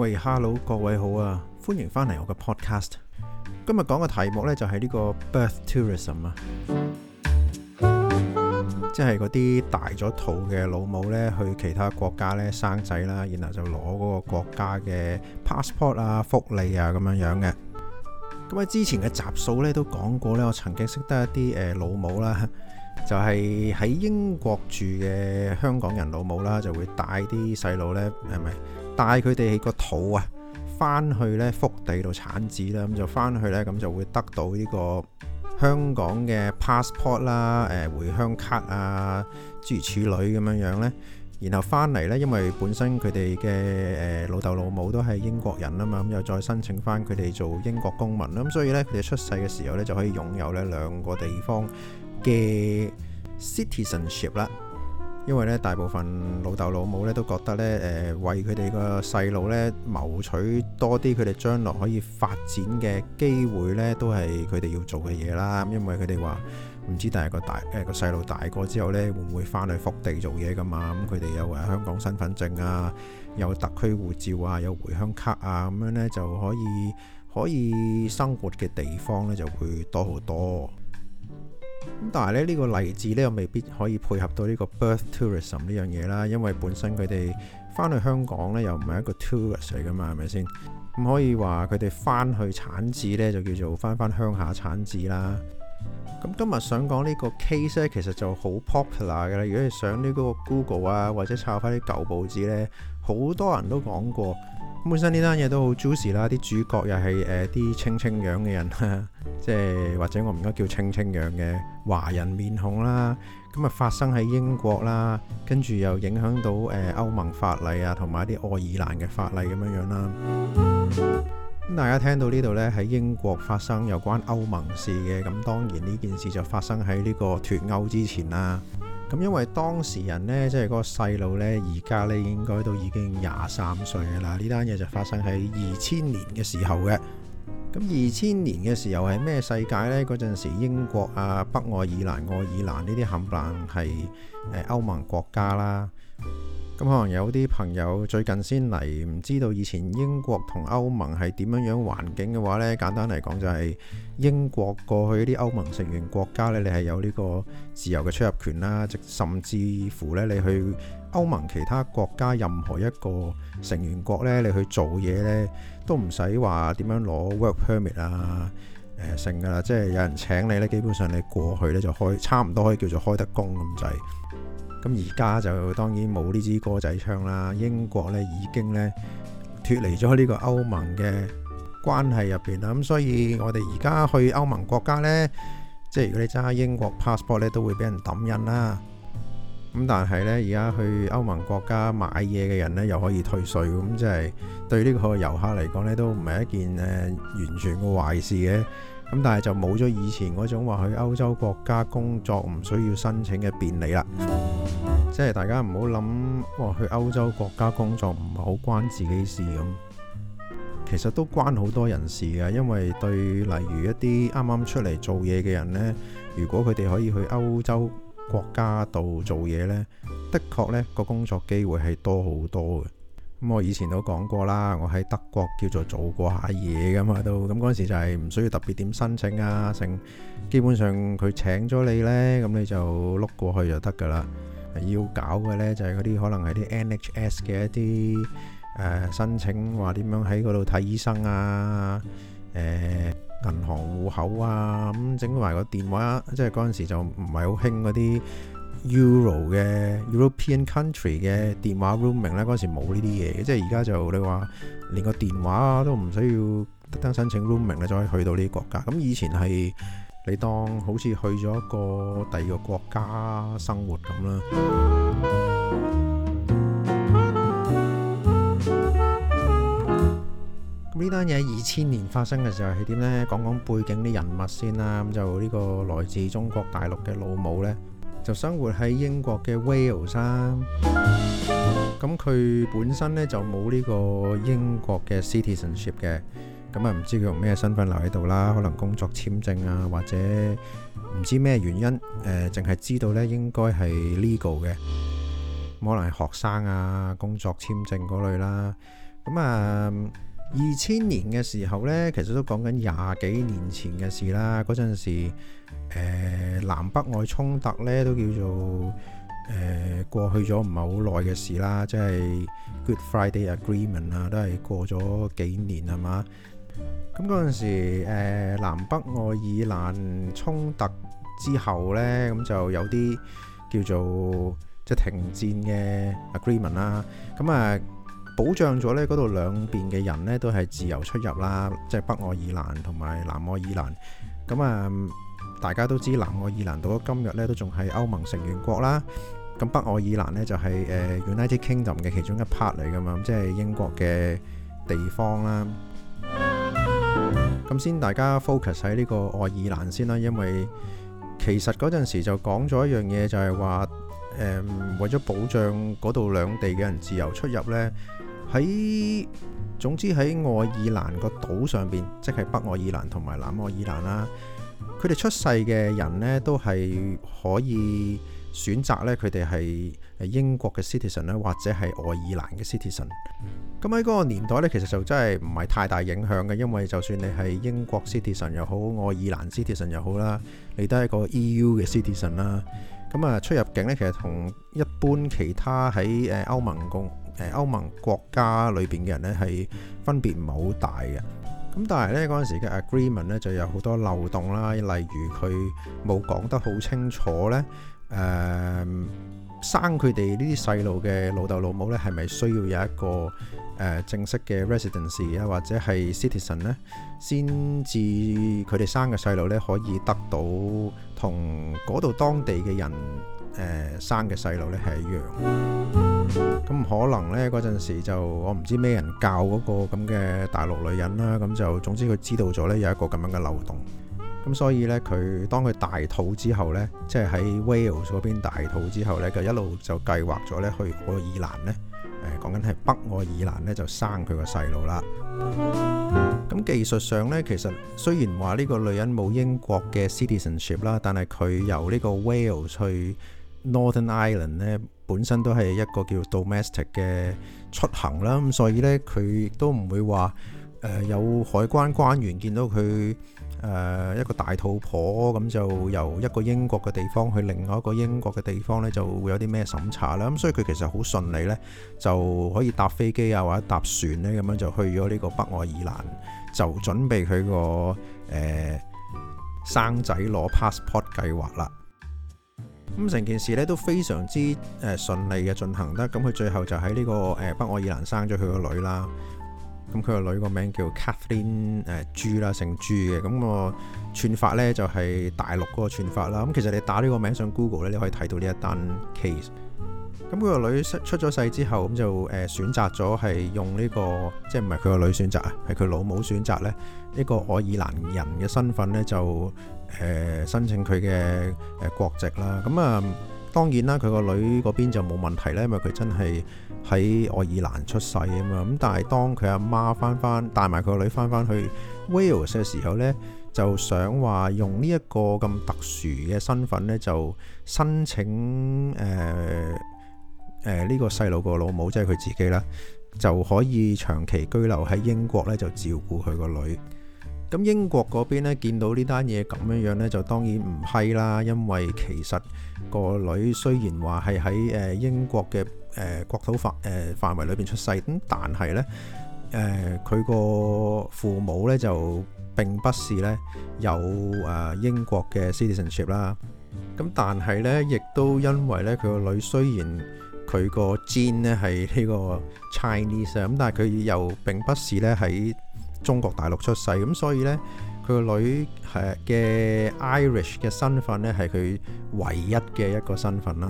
喂，Hello，各位好啊！歡迎翻嚟我嘅 Podcast。今日講嘅題目呢，就係呢個 birth tourism 啊，即係嗰啲大咗肚嘅老母呢，去其他國家呢生仔啦，然後就攞嗰個國家嘅 passport 啊、福利啊咁樣樣嘅。咁喺之前嘅集數呢都講過呢，我曾經識得一啲誒老母啦，就係喺英國住嘅香港人老母啦，就會帶啲細路呢，係咪？帶佢哋喺個肚啊，翻去咧，福地度產子啦，咁就翻去咧，咁就會得到呢個香港嘅 passport 啦，誒回鄉卡啊，諸如此類咁樣樣咧。然後翻嚟咧，因為本身佢哋嘅誒老豆老母都係英國人啊嘛，咁又再申請翻佢哋做英國公民啦，咁所以咧佢哋出世嘅時候咧就可以擁有咧兩個地方嘅 citizenship 啦。因為咧，大部分老豆老母咧都覺得咧，誒為佢哋個細路咧謀取多啲佢哋將來可以發展嘅機會咧，都係佢哋要做嘅嘢啦。因為佢哋話唔知，但係個大誒個細路大個之後咧，會唔會翻去福地做嘢噶嘛？咁佢哋有誒香港身份證啊，有特區護照啊，有回鄉卡啊，咁樣咧就可以可以生活嘅地方咧就會多好多。咁但係咧呢個例子呢，又未必可以配合到呢個 birth tourism 呢樣嘢啦，因為本身佢哋翻去香港呢，又唔係一個 tourist 嚟噶嘛，係咪先？咁可以話佢哋翻去產子呢，就叫做翻翻鄉下產子啦。咁今日想講呢個 case 呢，其實就好 popular 噶啦，如果你上呢個 Google 啊或者抄翻啲舊報紙呢，好多人都講過。本身呢單嘢都好 juicy 啦，啲主角又係誒啲青青樣嘅人啦，即係或者我唔應該叫青青樣嘅華人面孔啦。咁啊發生喺英國啦，跟住又影響到誒歐盟法例啊，同埋一啲愛爾蘭嘅法例咁樣樣啦。咁、嗯、大家聽到呢度咧，喺英國發生有關歐盟事嘅，咁當然呢件事就發生喺呢個脫歐之前啦。咁因為當時人呢，即係個細路呢，而家呢應該都已經廿三歲㗎喇。呢單嘢就發生喺二千年嘅時候嘅。咁二千年嘅時候係咩世界呢？嗰陣時英國啊、北愛爾蘭、愛爾蘭呢啲冚唪唥係誒歐盟國家啦。咁可能有啲朋友最近先嚟，唔知道以前英國同歐盟係點樣樣環境嘅話咧，簡單嚟講就係英國過去啲歐盟成員國家咧，你係有呢個自由嘅出入權啦，甚至乎咧你去歐盟其他國家任何一個成員國咧，你去做嘢咧都唔使話點樣攞 work permit 啊，誒、呃，剩噶啦，即係有人請你咧，基本上你過去咧就開差唔多可以叫做開得工咁滯。咁而家就當然冇呢支歌仔唱啦。英國咧已經咧脫離咗呢個歐盟嘅關係入邊啦。咁所以我哋而家去歐盟國家咧，即係如果你揸英國 passport 咧，都會俾人抌印啦。咁但係咧，而家去歐盟國家買嘢嘅人咧，又可以退稅咁，即係對呢個遊客嚟講咧，都唔係一件誒完全嘅壞事嘅。咁但係就冇咗以前嗰種話去歐洲國家工作唔需要申請嘅便利啦。即係大家唔好諗，哇，去歐洲國家工作唔係好關自己事咁，其實都關好多人事嘅。因為對，例如一啲啱啱出嚟做嘢嘅人呢，如果佢哋可以去歐洲國家度做嘢呢，的確呢個工作機會係多好多嘅。咁、嗯、我以前都講過啦，我喺德國叫做做過下嘢㗎嘛，都咁嗰陣時就係唔需要特別點申請啊，成基本上佢請咗你呢，咁你就碌過去就得㗎啦。要搞嘅咧就係嗰啲可能係啲 NHS 嘅一啲誒申請，話點樣喺嗰度睇醫生啊，誒銀行戶口啊，咁整埋個電話，即係嗰陣時就唔係好興嗰啲 Euro 嘅 European country 嘅電話 rooming 咧，嗰時冇呢啲嘢嘅，即係而家就你話連個電話都唔需要特登申請 rooming 咧，就可以去到呢啲國家。咁以前係。你當好似去咗一個第二個國家生活咁啦。咁呢單嘢二千年發生嘅時候係點咧？講講背景啲人物先啦。咁就呢個來自中國大陸嘅老母咧，就生活喺英國嘅 Wales 啦。咁佢本身咧就冇呢個英國嘅 citizenship 嘅。咁啊，唔知佢用咩身份留喺度啦？可能工作簽證啊，或者唔知咩原因，誒，淨係知道呢，應該係 legal 嘅，可能係學生啊、工作簽證嗰類啦。咁啊，二千年嘅時候呢，其實都講緊廿幾年前嘅事啦。嗰陣時，誒，南北愛衝突呢都叫做誒，過去咗唔係好耐嘅事啦，即係 Good Friday Agreement 啊，都係過咗幾年係嘛。咁嗰陣時，誒、呃，南北愛爾蘭衝突之後呢，咁就有啲叫做即係停戰嘅 agreement 啦。咁啊，保障咗呢嗰度兩邊嘅人呢都係自由出入啦，即係北愛爾蘭同埋南愛爾蘭。咁啊，大家都知南愛爾蘭到咗今日呢都仲係歐盟成員國啦。咁北愛爾蘭呢就係、是、誒、呃、United Kingdom 嘅其中一 part 嚟噶嘛，即係英國嘅地方啦。咁先大家 focus 喺呢個愛爾蘭先啦，因為其實嗰陣時就講咗一樣嘢，就係話，誒，為咗保障嗰度兩地嘅人自由出入呢，喺總之喺愛爾蘭個島上面，即係北愛爾蘭同埋南愛爾蘭啦，佢哋出世嘅人呢都係可以選擇咧，佢哋係誒英國嘅 citizen 咧，或者係愛爾蘭嘅 citizen。咁喺嗰個年代咧，其實就真係唔係太大影響嘅，因為就算你係英國 citizen 又好，愛爾蘭 citizen 又好啦，你都係個 EU 嘅 citizen 啦。咁啊，出入境咧，其實同一般其他喺誒歐盟公誒歐盟國家裏邊嘅人咧，係分別唔係好大嘅。咁但係咧，嗰陣時嘅 agreement 咧就有好多漏洞啦，例如佢冇講得好清楚咧。誒、嗯、生佢哋呢啲細路嘅老豆老母呢，係咪需要有一個誒、呃、正式嘅 residence 啊，或者係 citizen 呢？先至佢哋生嘅細路呢，可以得到同嗰度當地嘅人誒、呃、生嘅細路呢係一樣。咁、嗯、可能呢，嗰陣時就我唔知咩人教嗰個咁嘅大陸女人啦，咁就總之佢知道咗呢有一個咁樣嘅漏洞。咁所以呢，佢當佢大肚之後呢，即係喺 Wales 嗰邊大肚之後呢，就一路就計劃咗呢去愛爾蘭呢，誒講緊係北愛爾蘭呢，就生佢個細路啦。咁技術上呢，其實雖然話呢個女人冇英國嘅 citizenship 啦，但係佢由呢個 Wales 去 Northern Ireland 呢，本身都係一個叫 domestic 嘅出行啦。咁所以呢，佢亦都唔會話。誒、呃、有海關官員見到佢誒、呃、一個大肚婆，咁就由一個英國嘅地方去另外一個英國嘅地方呢，就會有啲咩審查啦。咁所以佢其實好順利呢，就可以搭飛機啊或者搭船呢，咁樣就去咗呢個北愛爾蘭，就準備佢個誒生仔攞 passport 計劃啦。咁成件事呢都非常之誒順利嘅進行得，咁佢最後就喺呢、這個誒、呃、北愛爾蘭生咗佢個女啦。咁佢個女個名叫 Kathleen 誒朱啦，姓朱嘅。咁個串法咧就係大陸嗰個串法啦。咁其實你打呢個名上 Google 咧，你可以睇到呢一單 case。咁佢個女出咗世之後，咁就誒選擇咗係用呢個，即係唔係佢個女選擇啊？係佢老母選擇咧，呢個愛爾蘭人嘅身份咧就誒申請佢嘅誒國籍啦。咁啊～當然啦，佢個女嗰邊就冇問題啦，因為佢真係喺愛爾蘭出世啊嘛。咁但係當佢阿媽翻翻帶埋佢個女翻翻去 Wales 嘅時候呢，就想話用呢一個咁特殊嘅身份呢，就申請誒誒呢個細路個老母，即係佢自己啦，就可以長期居留喺英國呢，就照顧佢個女。咁英國嗰邊咧見到呢單嘢咁樣樣咧，就當然唔係啦，因為其實個女雖然話係喺誒英國嘅誒國土範誒範圍裏邊出世，咁但係咧誒佢個父母咧就並不是咧有誒英國嘅 citizenship 啦。咁但係咧，亦都因為咧佢個女雖然佢個 gene 咧係呢個 Chinese 啊，咁但係佢又並不是咧喺中國大陸出世，咁所以呢，佢個女係嘅 Irish 嘅身份呢，係佢唯一嘅一個身份啦。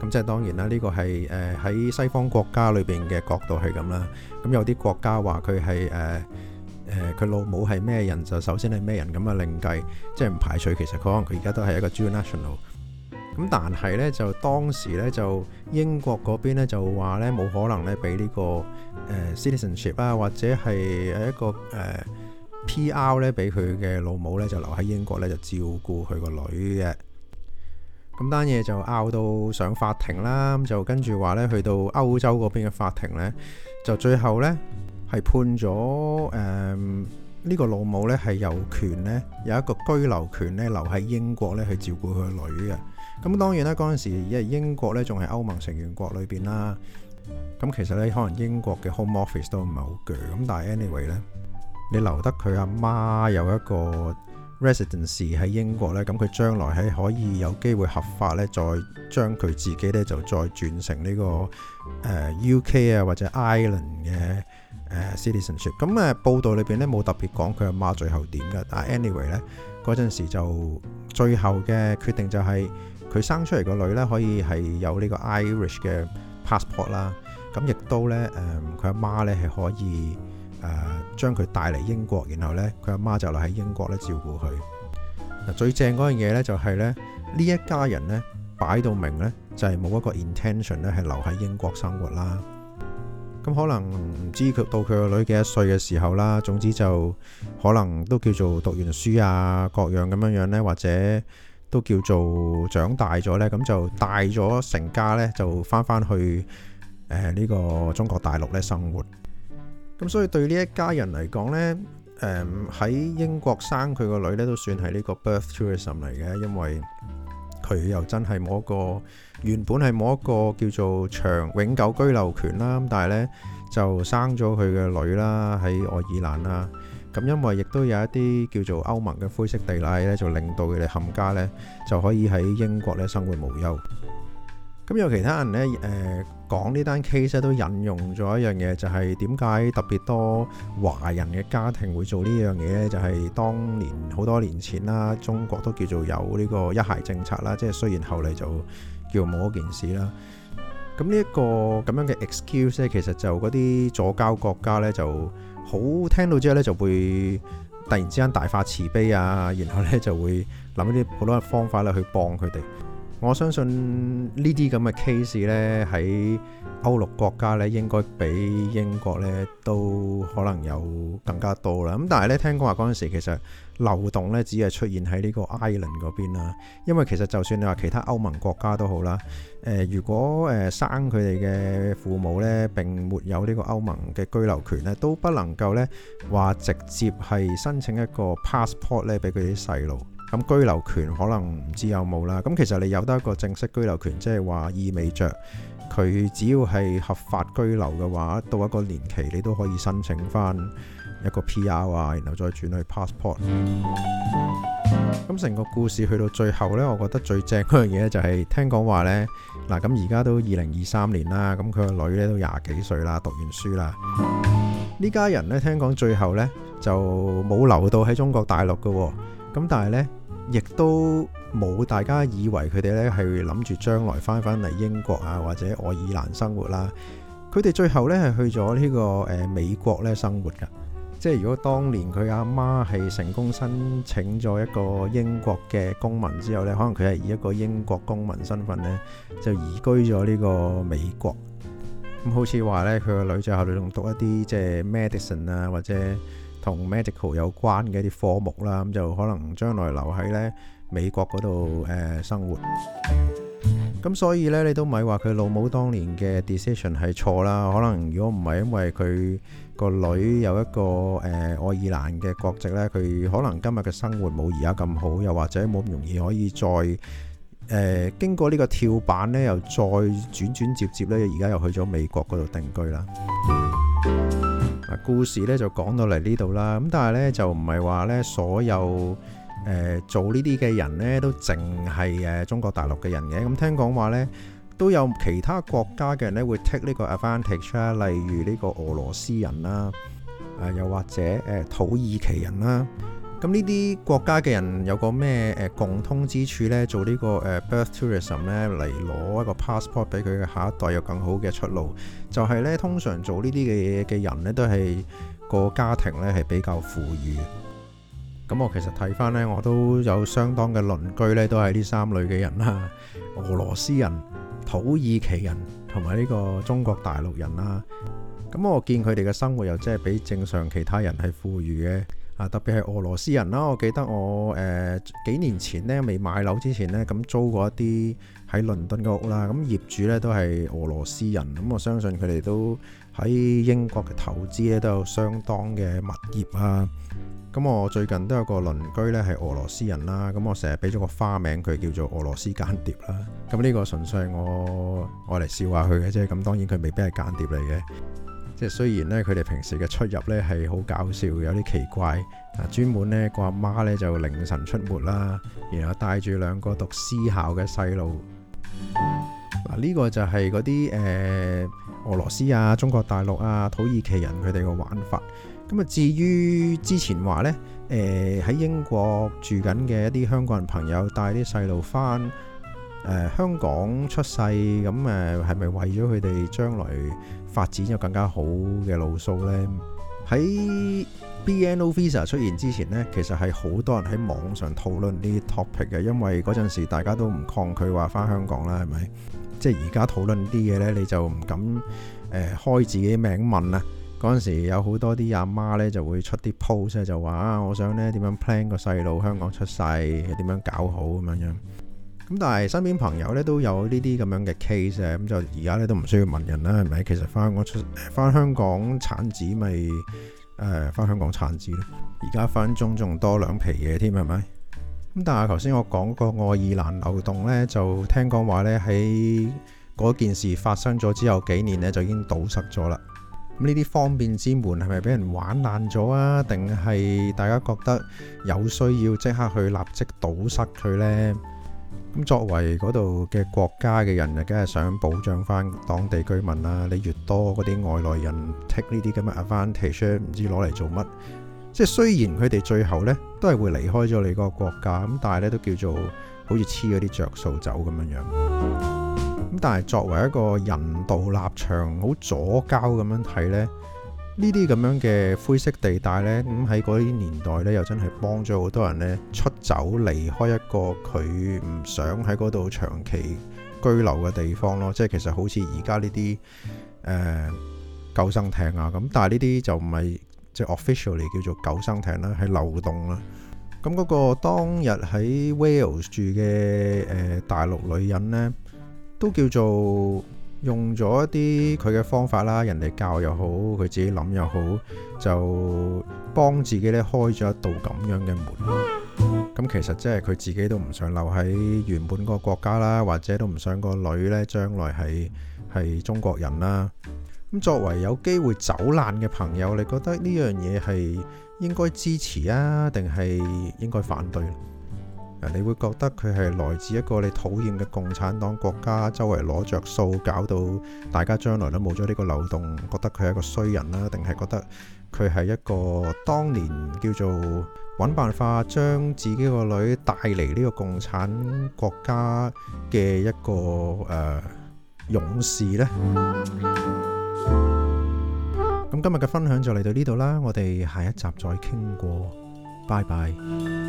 咁即係當然啦，呢個係誒喺西方國家裏邊嘅角度係咁啦。咁有啲國家話佢係誒佢老母係咩人就首先係咩人咁啊，另計，即係唔排除其實佢可能佢而家都係一個 Dual National。咁但係呢，就當時呢，就英國嗰邊呢就話呢冇可能呢俾呢個誒、呃、citizenship 啊，或者係一個誒、呃、P.R. 呢俾佢嘅老母呢，就留喺英國呢，就照顧佢個女嘅。咁單嘢就拗到上法庭啦。咁就跟住話呢，去到歐洲嗰邊嘅法庭呢，就最後呢係判咗誒呢個老母呢係有權呢，有一個居留權呢，留喺英國呢去照顧佢個女嘅。咁當然咧，嗰陣時因為英國咧仲係歐盟成員國裏邊啦，咁其實咧可能英國嘅 Home Office 都唔係好鋸，咁但係 anyway 咧，你留得佢阿媽有一個 residence 喺英國咧，咁佢將來係可以有機會合法咧，再將佢自己咧就再轉成呢個誒 UK 啊或者 Ireland 嘅誒 citizenship。咁誒報道裏邊咧冇特別講佢阿媽最後點㗎？但係 anyway 咧嗰陣時就最後嘅決定就係。佢生出嚟個女呢，可以係有呢個 Irish 嘅 passport 啦。咁亦都呢，誒佢阿媽呢係可以誒將佢帶嚟英國，然後呢，佢阿媽就留喺英國呢照顧佢。最正嗰樣嘢呢，就係呢，呢一家人呢，擺到明呢，就係冇一個 intention 呢係留喺英國生活啦。咁可能唔知佢到佢個女幾多歲嘅時候啦，總之就可能都叫做讀完書啊，各樣咁樣樣呢，或者。都叫做長大咗呢，咁就大咗成家呢，就返返去誒呢個中國大陸呢生活。咁所以對呢一家人嚟講呢，誒喺英國生佢個女呢，都算係呢個 birth tourism 嚟嘅，因為佢又真係冇一個原本係冇一個叫做長永久居留權啦。咁但係呢就生咗佢嘅女啦，喺愛爾蘭啦。咁因為亦都有一啲叫做歐盟嘅灰色地帶咧，就令到佢哋冚家咧就可以喺英國咧生活無憂。咁有其他人咧，誒講呢單 case 咧，都引用咗一樣嘢，就係點解特別多華人嘅家庭會做呢樣嘢咧？就係當年好多年前啦，中國都叫做有呢個一孩政策啦。即係雖然後嚟就叫做冇咗件事啦。咁呢一個咁樣嘅 excuse 咧，其實就嗰啲左膠國家咧就。好聽到之後咧，就會突然之間大發慈悲啊，然後咧就會諗一啲好多嘅方法咧去幫佢哋。我相信呢啲咁嘅 case 呢，喺歐陸國家呢應該比英國呢都可能有更加多啦。咁但係呢，聽講話嗰陣時，其實漏洞呢，只係出現喺呢個 Ireland 嗰邊啦。因為其實就算你話其他歐盟國家都好啦，誒如果誒生佢哋嘅父母呢，並沒有呢個歐盟嘅居留權呢，都不能夠呢話直接係申請一個 passport 呢俾佢啲細路。咁居留權可能唔知有冇啦。咁其實你有得一個正式居留權，即係話意味着佢只要係合法居留嘅話，到一個年期你都可以申請翻一個 PR 啊，然後再轉去 passport。咁成 個故事去到最後呢，我覺得最正嗰樣嘢就係聽講話呢。嗱咁而家都二零二三年啦，咁佢個女呢都廿幾歲啦，讀完書啦。呢家人呢聽講最後呢就冇留到喺中國大陸嘅喎。咁但係呢。亦都冇大家以為佢哋咧，係諗住將來翻返嚟英國啊或者愛爾蘭生活啦，佢哋最後咧係去咗呢、呢個誒、呃、美國咧生活㗎。即係如果當年佢阿媽係成功申請咗一個英國嘅公民之後咧，可能佢係以一個英國公民身份咧就移居咗呢個美國。咁、嗯、好似話咧，佢個女仔後佢仲讀一啲即係 medicine 啊或者。同 medical 有關嘅一啲科目啦，咁就可能將來留喺呢美國嗰度誒生活。咁所以呢，你都咪話佢老母當年嘅 decision 係錯啦。可能如果唔係因為佢個女有一個誒愛爾蘭嘅國籍呢，佢可能今日嘅生活冇而家咁好，又或者冇咁容易可以再誒經過呢個跳板呢，又再轉轉接接呢，而家又去咗美國嗰度定居啦。故事咧就講到嚟呢度啦，咁但係咧就唔係話咧所有、呃、做呢啲嘅人咧都淨係中國大陸嘅人嘅，咁、嗯、聽講話咧都有其他國家嘅人咧會 take 呢個 advantage 啦，例如呢個俄羅斯人啦、啊呃，又或者誒、呃、土耳其人啦、啊。咁呢啲國家嘅人有個咩誒共通之處呢？做呢個誒 birth tourism 呢，嚟攞一個 passport 俾佢嘅下一代有更好嘅出路，就係呢，通常做呢啲嘅嘢嘅人呢，都係個家庭呢係比較富裕。咁我其實睇翻呢，我都有相當嘅鄰居呢，都係呢三類嘅人啦：俄羅斯人、土耳其人同埋呢個中國大陸人啦。咁我見佢哋嘅生活又真係比正常其他人係富裕嘅。啊，特別係俄羅斯人啦！我記得我誒幾年前咧，未買樓之前咧，咁租過一啲喺倫敦嘅屋啦。咁業主咧都係俄羅斯人，咁我相信佢哋都喺英國嘅投資咧都有相當嘅物業啊。咁我最近都有個鄰居咧係俄羅斯人啦，咁我成日俾咗個花名佢叫做俄羅斯間諜啦。咁呢個純粹係我嚟笑下佢嘅啫。咁當然佢未必係間諜嚟嘅。即係雖然咧，佢哋平時嘅出入咧係好搞笑，有啲奇怪啊。專門咧個阿媽咧就凌晨出沒啦，然後帶住兩個讀私校嘅細路。嗱，呢個就係嗰啲誒俄羅斯啊、中國大陸啊、土耳其人佢哋嘅玩法。咁啊，至於之前話呢，誒、呃、喺英國住緊嘅一啲香港人朋友帶啲細路返。誒、呃、香港出世咁誒係咪為咗佢哋將來發展有更加好嘅路數呢？喺 BNO visa 出現之前呢，其實係好多人喺網上討論啲 topic 嘅，因為嗰陣時大家都唔抗拒話翻香港啦，係咪？即係而家討論啲嘢呢，你就唔敢誒、呃、開自己名問啦。嗰陣時有好多啲阿媽呢，就會出啲 post 就話啊，我想呢點樣 plan 個細路香港出世，點樣搞好咁樣樣。咁但係身邊朋友咧都有呢啲咁樣嘅 case 啊，咁就而家咧都唔需要問人啦，係咪？其實翻香港出翻香港產子咪誒翻香港產子咯，而家翻中仲多兩皮嘢添，係咪？咁但係頭先我講過愛爾蘭流動呢，就聽講話呢，喺嗰件事發生咗之後幾年呢，就已經堵塞咗啦。咁呢啲方便之門係咪俾人玩爛咗啊？定係大家覺得有需要即刻去立即堵塞佢呢？咁作為嗰度嘅國家嘅人，又梗係想保障翻當地居民啦。你越多嗰啲外來人 take 呢啲咁嘅 advantage，唔知攞嚟做乜。即係雖然佢哋最後呢都係會離開咗你個國家，咁但係呢都叫做好似黐嗰啲着數走咁樣樣。咁但係作為一個人道立場，好左膠咁樣睇呢。呢啲咁樣嘅灰色地帶呢，咁喺嗰啲年代呢，又真係幫咗好多人呢，出走離開一個佢唔想喺嗰度長期居留嘅地方咯。即係其實好似而家呢啲救生艇啊，咁但係呢啲就唔係即係 officially 叫做救生艇啦，係漏洞啦。咁、那、嗰個當日喺 Wales 住嘅誒、呃、大陸女人呢，都叫做。用咗一啲佢嘅方法啦，人哋教又好，佢自己諗又好，就幫自己咧開咗一道咁樣嘅門。咁其實即係佢自己都唔想留喺原本個國家啦，或者都唔想個女咧將來係係中國人啦。咁作為有機會走難嘅朋友，你覺得呢樣嘢係應該支持啊，定係應該反對？你會覺得佢係來自一個你討厭嘅共產黨國家，周圍攞着數，搞到大家將來都冇咗呢個漏洞。覺得佢係一個衰人啦，定係覺得佢係一個當年叫做揾辦法將自己個女帶嚟呢個共產國家嘅一個誒、呃、勇士呢？咁今日嘅分享就嚟到呢度啦，我哋下一集再傾過，拜拜。